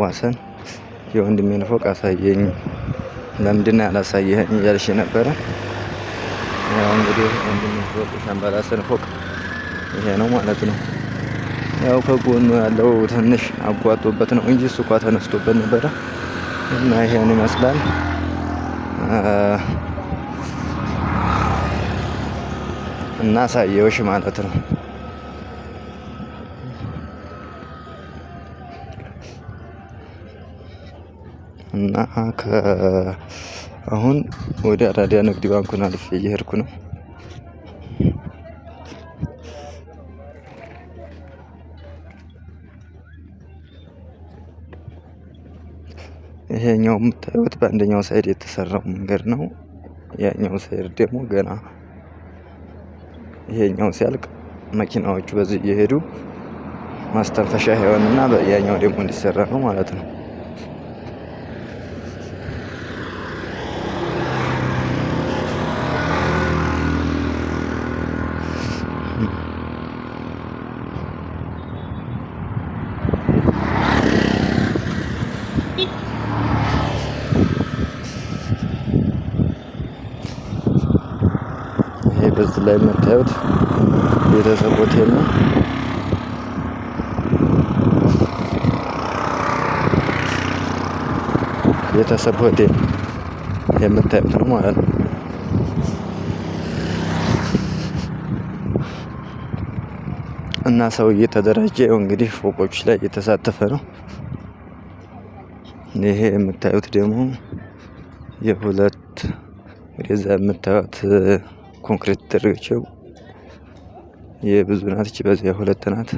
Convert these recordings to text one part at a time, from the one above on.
ዋሰን የወንድሜን ፎቅ አሳየኝ ነው ያላሳየኝ እያልሽ ነበረ። ያው እንግዲህ ወንድሜ ፎቅ ሻምበላሰን ፎቅ ይሄ ነው ማለት ነው። ያው ከጎኑ ያለው ትንሽ አጓጦበት ነው እንጂ እሱ እኳ ተነስቶበት ነበረ እና ይሄን ይመስላል። እና ሳየውሽ ማለት ነው። እና አሁን ወደ አራዳ ንግድ ባንኩን አልፌ እየሄድኩ ነው። ይሄኛው የምታዩት በአንደኛው ሳይድ የተሰራው መንገድ ነው። ያኛው ሳይድ ደግሞ ገና ይሄኛው ሲያልቅ መኪናዎቹ በዚህ እየሄዱ ማስተንፈሻ ይሆንና ያኛው ደግሞ እንዲሰራ ነው ማለት ነው። በዚህ ላይ የምታዩት ቤተሰብ ሆቴል ነው። ቤተሰብ ሆቴል የምታዩት ነው ማለት ነው። እና ሰው እየተደራጀ ያው እንግዲህ ፎቆች ላይ እየተሳተፈ ነው። ይሄ የምታዩት ደግሞ የሁለት ወደዛ የምታዩት ኮንክሪት ተደርገችው የብዙ ናትች እቺ በዚያ ሁለት ናት።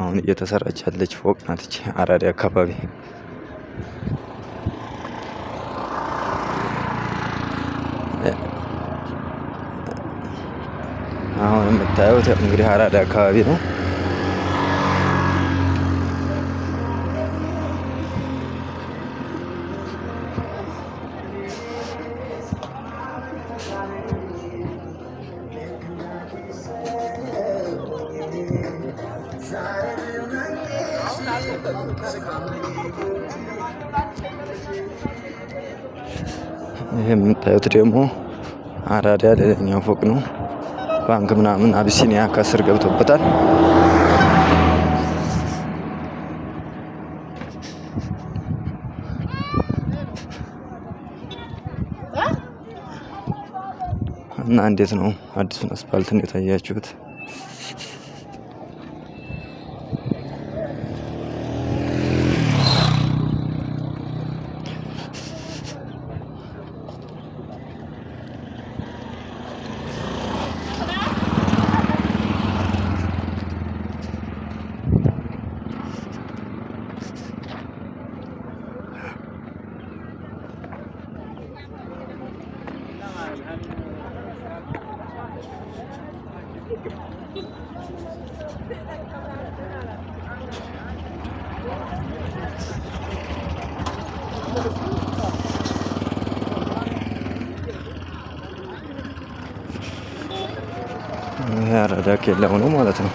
አሁን እየተሰራች ያለች ፎቅ ናት። እቺ አራዳ አካባቢ አሁን የምታዩት እንግዲህ አራዳ አካባቢ ነው። ያለሁት ደግሞ አራዳ ሌላኛው ፎቅ ነው። ባንክ ምናምን አቢሲኒያ ከስር ገብቶበታል። እና እንዴት ነው አዲሱን አስፓልት እንዴት አያችሁት? ያረዳ ኬላው ነው ማለት ነው።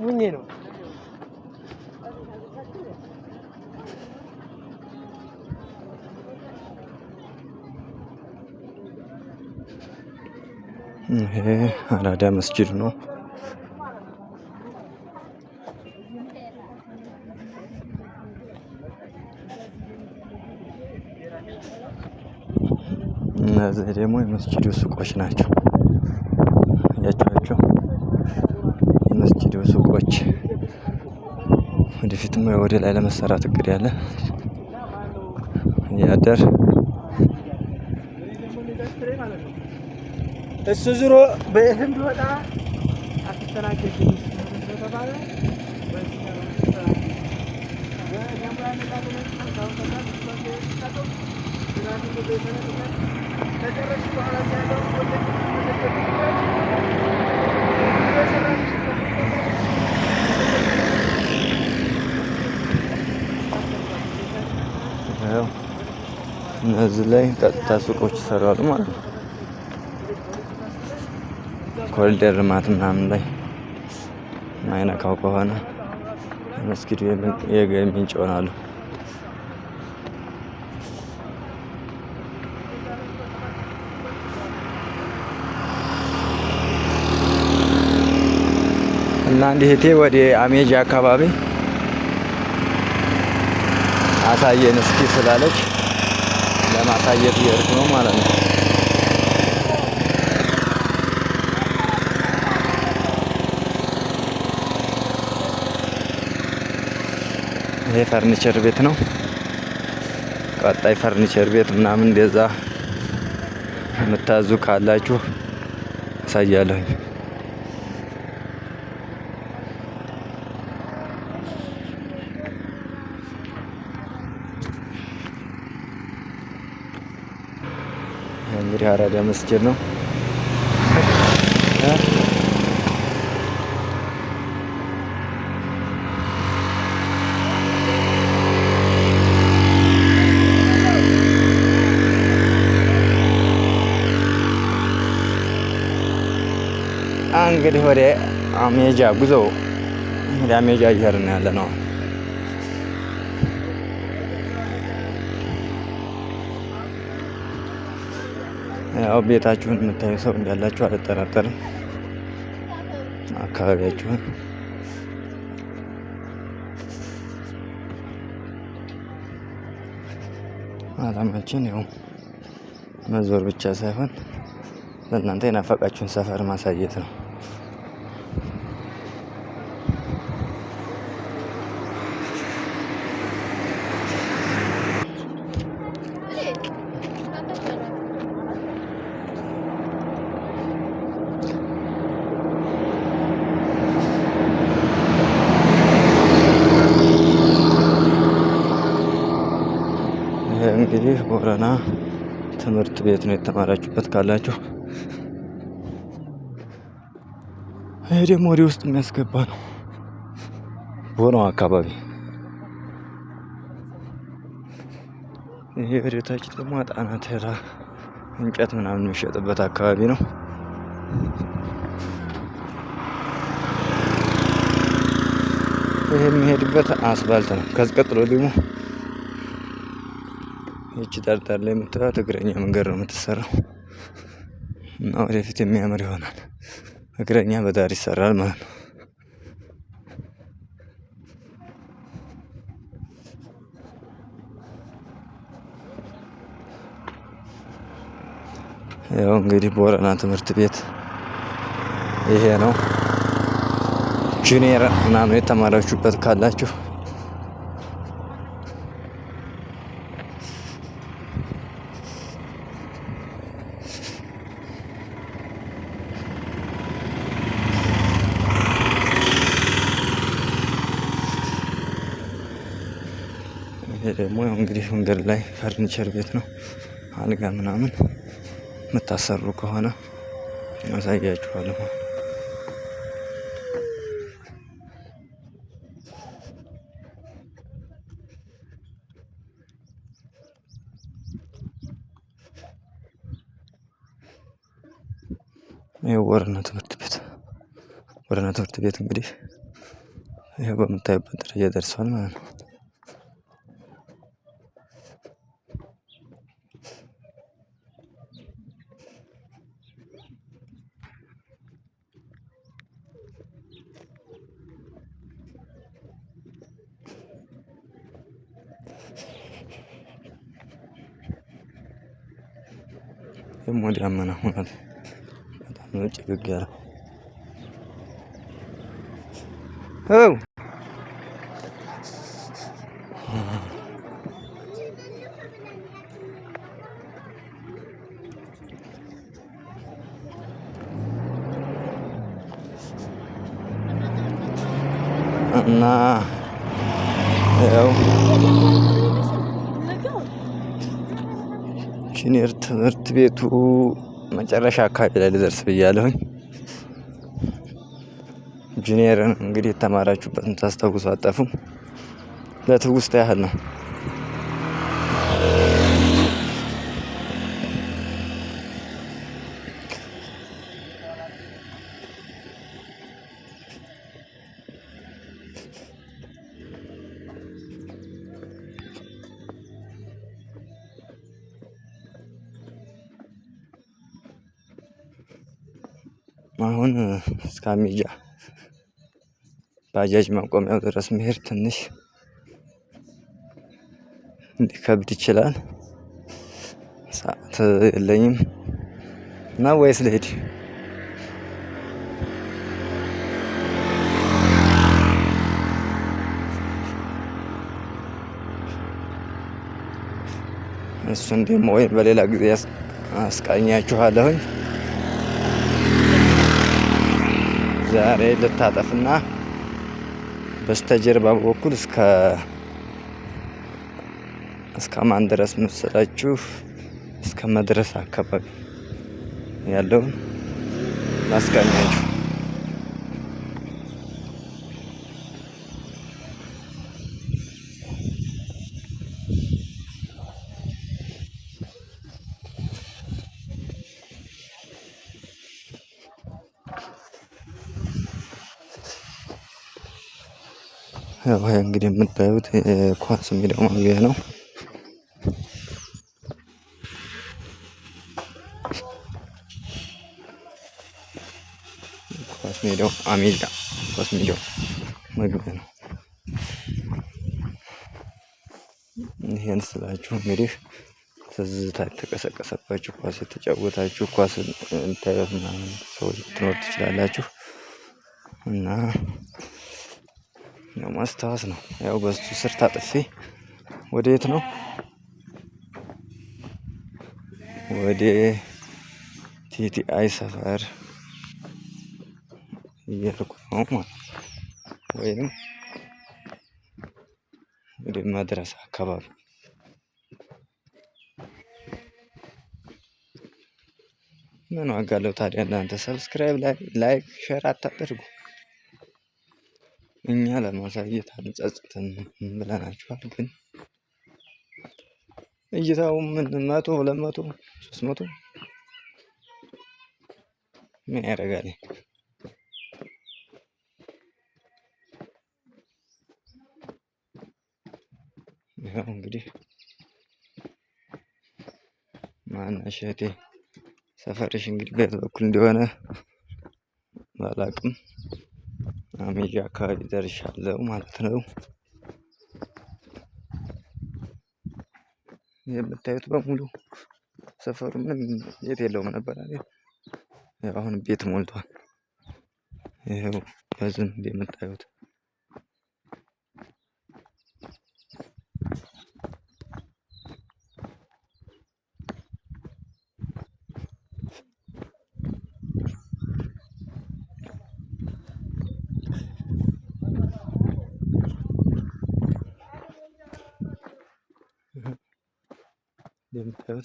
ሙኜ ነው። ይሄ አራዳ መስጂድ ነው። እነዚህ ደግሞ የመስጂዱ ሱቆች ናቸው። ምክንያቱም ወደ ላይ ለመሰራት እቅድ ያለ ያደር እሱ ዝሮ በየትም ቢወጣ አትስተናገድም ተባለ። ከጨረስሽ በኋላ ያለው እነዚህ ላይ ቀጥታ ሱቆች ይሰራሉ ማለት ነው። ኮሪደር ልማት ምናምን ላይ ማይነካው ከሆነ መስጊዱ የገቢ ምንጭ ይሆናሉ። እና እንዲህ እህቴ ወደ አሜጃ አካባቢ አሳየን እስኪ ስላለች ለማሳየት እየሄድኩ ነው ማለት ነው። ይሄ ፈርኒቸር ቤት ነው። ቀጣይ ፈርኒቸር ቤት ምናምን እንደዛ የምታዙ ካላችሁ አሳያለሁኝ። እንግዲህ አራዳ መስጅድ ነው። እንግዲህ ወደ አሜጃ ጉዞ ወደ አሜጃ እየሄድን ያለ ነው። ያው ቤታችሁን የምታዩ ሰው እንዳላችሁ አልጠራጠርም። አካባቢያችሁን አላማችን ያው መዞር ብቻ ሳይሆን ለእናንተ የናፈቃችሁን ሰፈር ማሳየት ነው። እንግዲህ ቦረና ትምህርት ቤት ነው የተማራችሁበት ካላችሁ ይሄ ደግሞ ወደ ውስጥ የሚያስገባ ነው። ቦረና አካባቢ ይሄ ወደታች ደግሞ አጣና ተራ እንጨት ምናምን የሚሸጥበት አካባቢ ነው። ይሄ የሚሄድበት አስፋልት ነው። ከዚህ ቀጥሎ ደግሞ ይቺ ላይ የምትባት እግረኛ መንገድ ነው የምትሰራው እና ወደፊት የሚያምር ይሆናል። እግረኛ በዳር ይሰራል ማለት ነው። ያው እንግዲህ ቦረና ትምህርት ቤት ይሄ ነው። ጁኒየር ምናምን የተማራችሁበት ካላችሁ መንገድ ላይ ፈርኒቸር ቤት ነው አልጋ ምናምን የምታሰሩ ከሆነ አሳያችኋለሁ። ይሄ ወረና ትምህርት ቤት ወረና ትምህርት ቤት እንግዲህ ይህ በምታዩበት ደረጃ ደርሷል ማለት ነው። ደግሞ ዳመና ሆኗል። በጣም ነው ጭግግ ያለው። ትምህርት ቤቱ መጨረሻ አካባቢ ላይ ልደርስ ብያለሁኝ። ኢንጂነርን እንግዲህ የተማራችሁበትን ታስታውሱ አጠፉ። ለትውስታ ያህል ነው። እስከ አሜጃ ባጃጅ ማቆሚያው ድረስ መሄድ ትንሽ ሊከብድ ይችላል። ሰዓት የለኝም እና ወይስ ልሄድ? እሱን ደግሞ ወይም በሌላ ጊዜ አስቃኛችኋለሁኝ። ዛሬ ልታጠፍና በስተጀርባ በኩል እስከ እስከ ማን ድረስ መሰላችሁ? እስከ መድረስ አካባቢ ያለውን ላስቃኛችሁ። ያው እንግዲህ የምታዩት ኳስ ሜዳው ማግቢያ ነው። ኳስ ሜዳው አሜሪካ ኳስ ሜዳው መግቢያ ነው። ይህን ስላችሁ እንግዲህ ትዝታ የተቀሰቀሰባችሁ ኳስ የተጫወታችሁ ኳስ የምታዩት ምናምን ሰዎች ልትኖር ትችላላችሁ እና ማስታወስ ነው። ያው በሱ ስር ታጥፌ ወዴት ነው ወደ ቲቲአይ ሰፈር እየሄድኩ ነው ማለት ወይም ወደ መድረሳ አካባቢ ምን ዋጋ አለው ታዲያ እናንተ ሰብስክራይብ፣ ላይክ፣ ሼር አታደርጉ? እኛ ለማሳየት አንጸጽትም ብለናቸዋል ግን እይታው ምን መቶ ሁለት መቶ ሶስት መቶ ምን ያደርጋል? ይኸው እንግዲህ ማናሽ እህቴ ሰፈርሽ እንግዲህ በየት በኩል እንደሆነ ባላቅም ናሜጃ አካባቢ ደርሻለሁ ማለት ነው። የምታዩት በሙሉ ሰፈሩ ምንም ቤት የለውም ነበር አሁን ቤት ሞልቷል። ይኸው በዝም የምታዩት Yem, evet.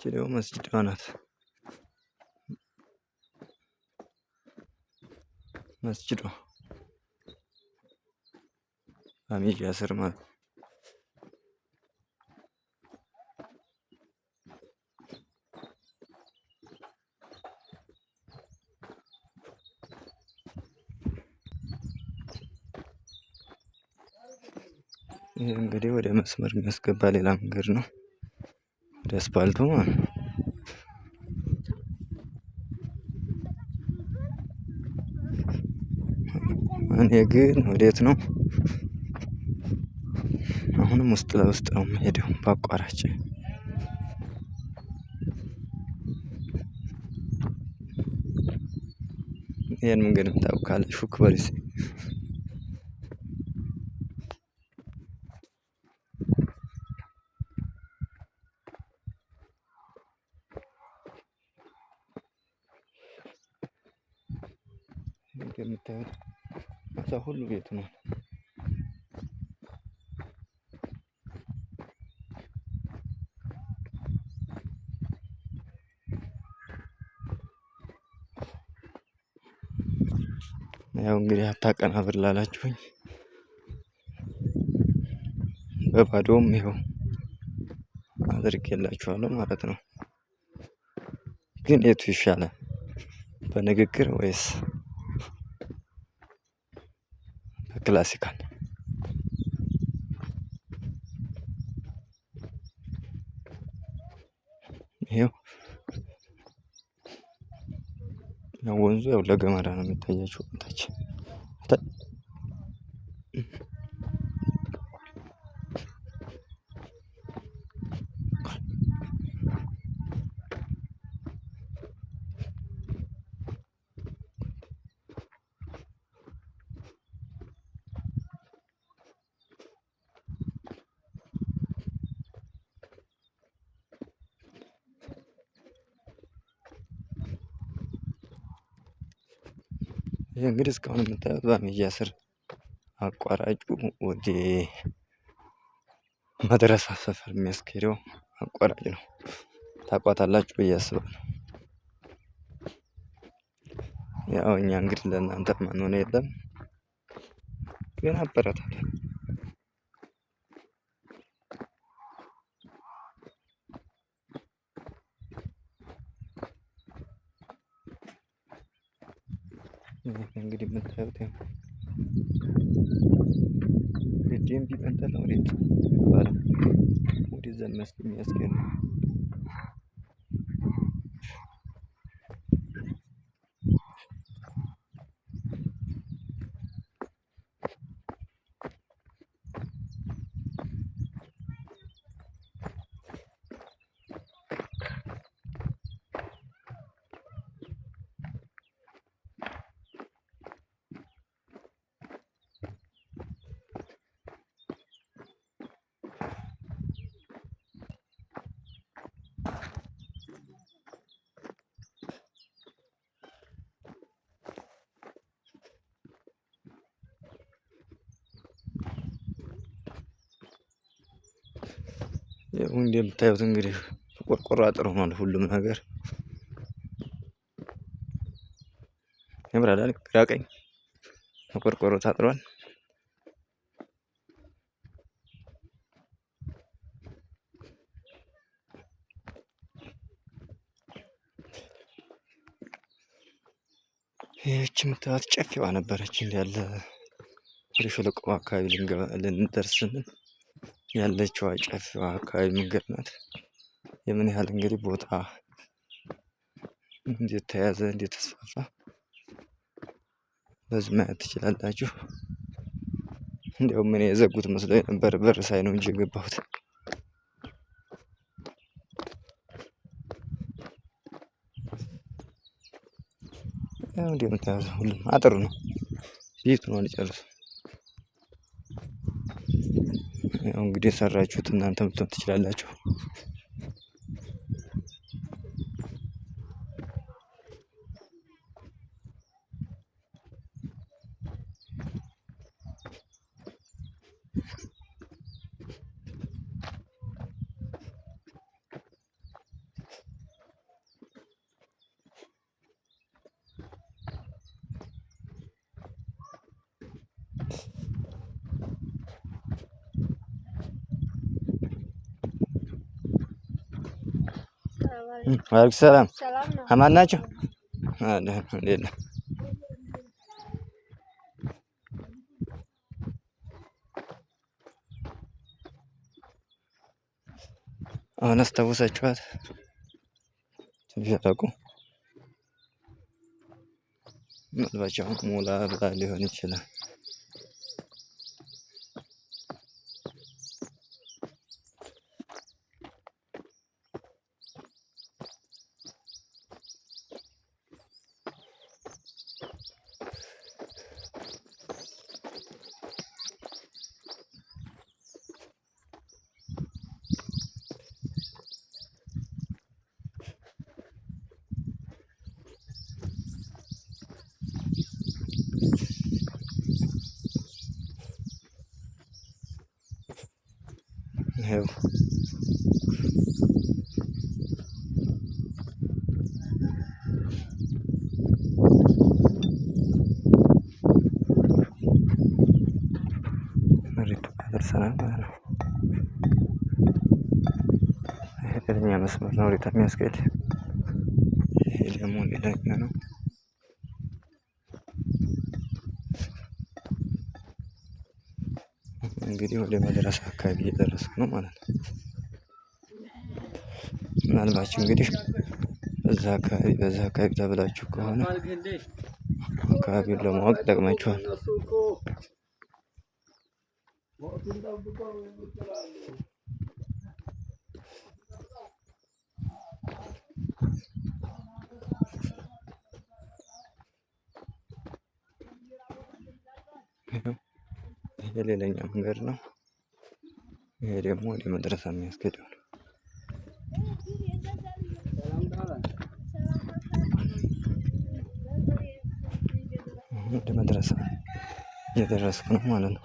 Geliyor olmaz gidiyor anahtar. መስጅዱ አሚጃ ስር ማለት ይህ እንግዲህ ወደ መስመር የሚያስገባ ሌላ መንገድ ነው። ወደ አስፓልቱ ማለት ነው። እኔ ግን ወዴት ነው? አሁንም ውስጥ ለውስጥ ነው የምሄደው በአቋራጭ ይህን መንገድም ታውቃለህ ሹክ በሊስ የምታዩት እዛ ሁሉ ቤቱ ነው። ያው እንግዲህ አታቀናብር ላላችሁኝ በባዶም ይኸው አድርጌላችኋለሁ ማለት ነው። ግን የቱ ይሻላል በንግግር ወይስ ክላሲካል ይሄው ወንዙ ያው ለገመዳ ነው የሚታያቸው ታች እንግዲህ እስካሁን የምታዩት በሀሚያ ስር አቋራጩ ወደ መድረሳ ሰፈር የሚያስኬደው አቋራጭ ነው። ታቋታላችሁ ብዬ አስባለሁ። ያው እኛ እንግዲህ ለእናንተ ማንሆነ የለም ግን አበረታታል yang gede bentar itu yang gede yang bentar itu ada udah zaman masih miskin እንደምታዩት እንግዲህ ቆርቆሮ አጥር ሆኗል ሁሉም ነገር ያምራል። ግራ ቀኝ በቆርቆሮ ታጥሯል። ይህች የምታዩት ጨፌዋ ነበረች እንዳለ ወደ ሸለቆ አካባቢ ልንደርስ ስንል ያለችዋ ጨፌዋ አካባቢ መንገድ የምን ያህል እንግዲህ ቦታ እንዴት ተያዘ እንዴት ተስፋፋ በዚህ ማየት ትችላላችሁ። እንዲያውም እኔ የዘጉት መስሎ ነበር በር ሳይ ነው እንጂ የገባሁት። እንደምታዩት ሁሉም አጥር ነው። ነው ጨርሱ ያው እንግዲህ ሰራችሁት እናንተ ልትሆን ትችላላችሁ ዋለይኩም ሰላም። አማን ናቸው። አሁን አስታውሳችኋል ሸለቆ ምናልባቸው ሙላ ብላ ሊሆን ይችላል። have narito other sana вернее на смотрю там я сказать Iya mau не дать እንግዲህ ወደ መድረስ አካባቢ እየደረስኩ ነው ማለት ነው። ምናልባች እንግዲህ እዛ አካባቢ በዛ አካባቢ ተብላችሁ ከሆነ አካባቢውን ለማወቅ ይጠቅማችኋል። ይሄ መንገድ ነው። ይሄ ደግሞ ወደ መድረሳ የሚያስገድ ነው። ወደ መድረሳ እየደረስኩ ነው ማለት ነው።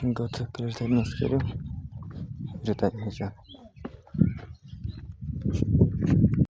Будем готовить к рождественскому. Ребят, ничего.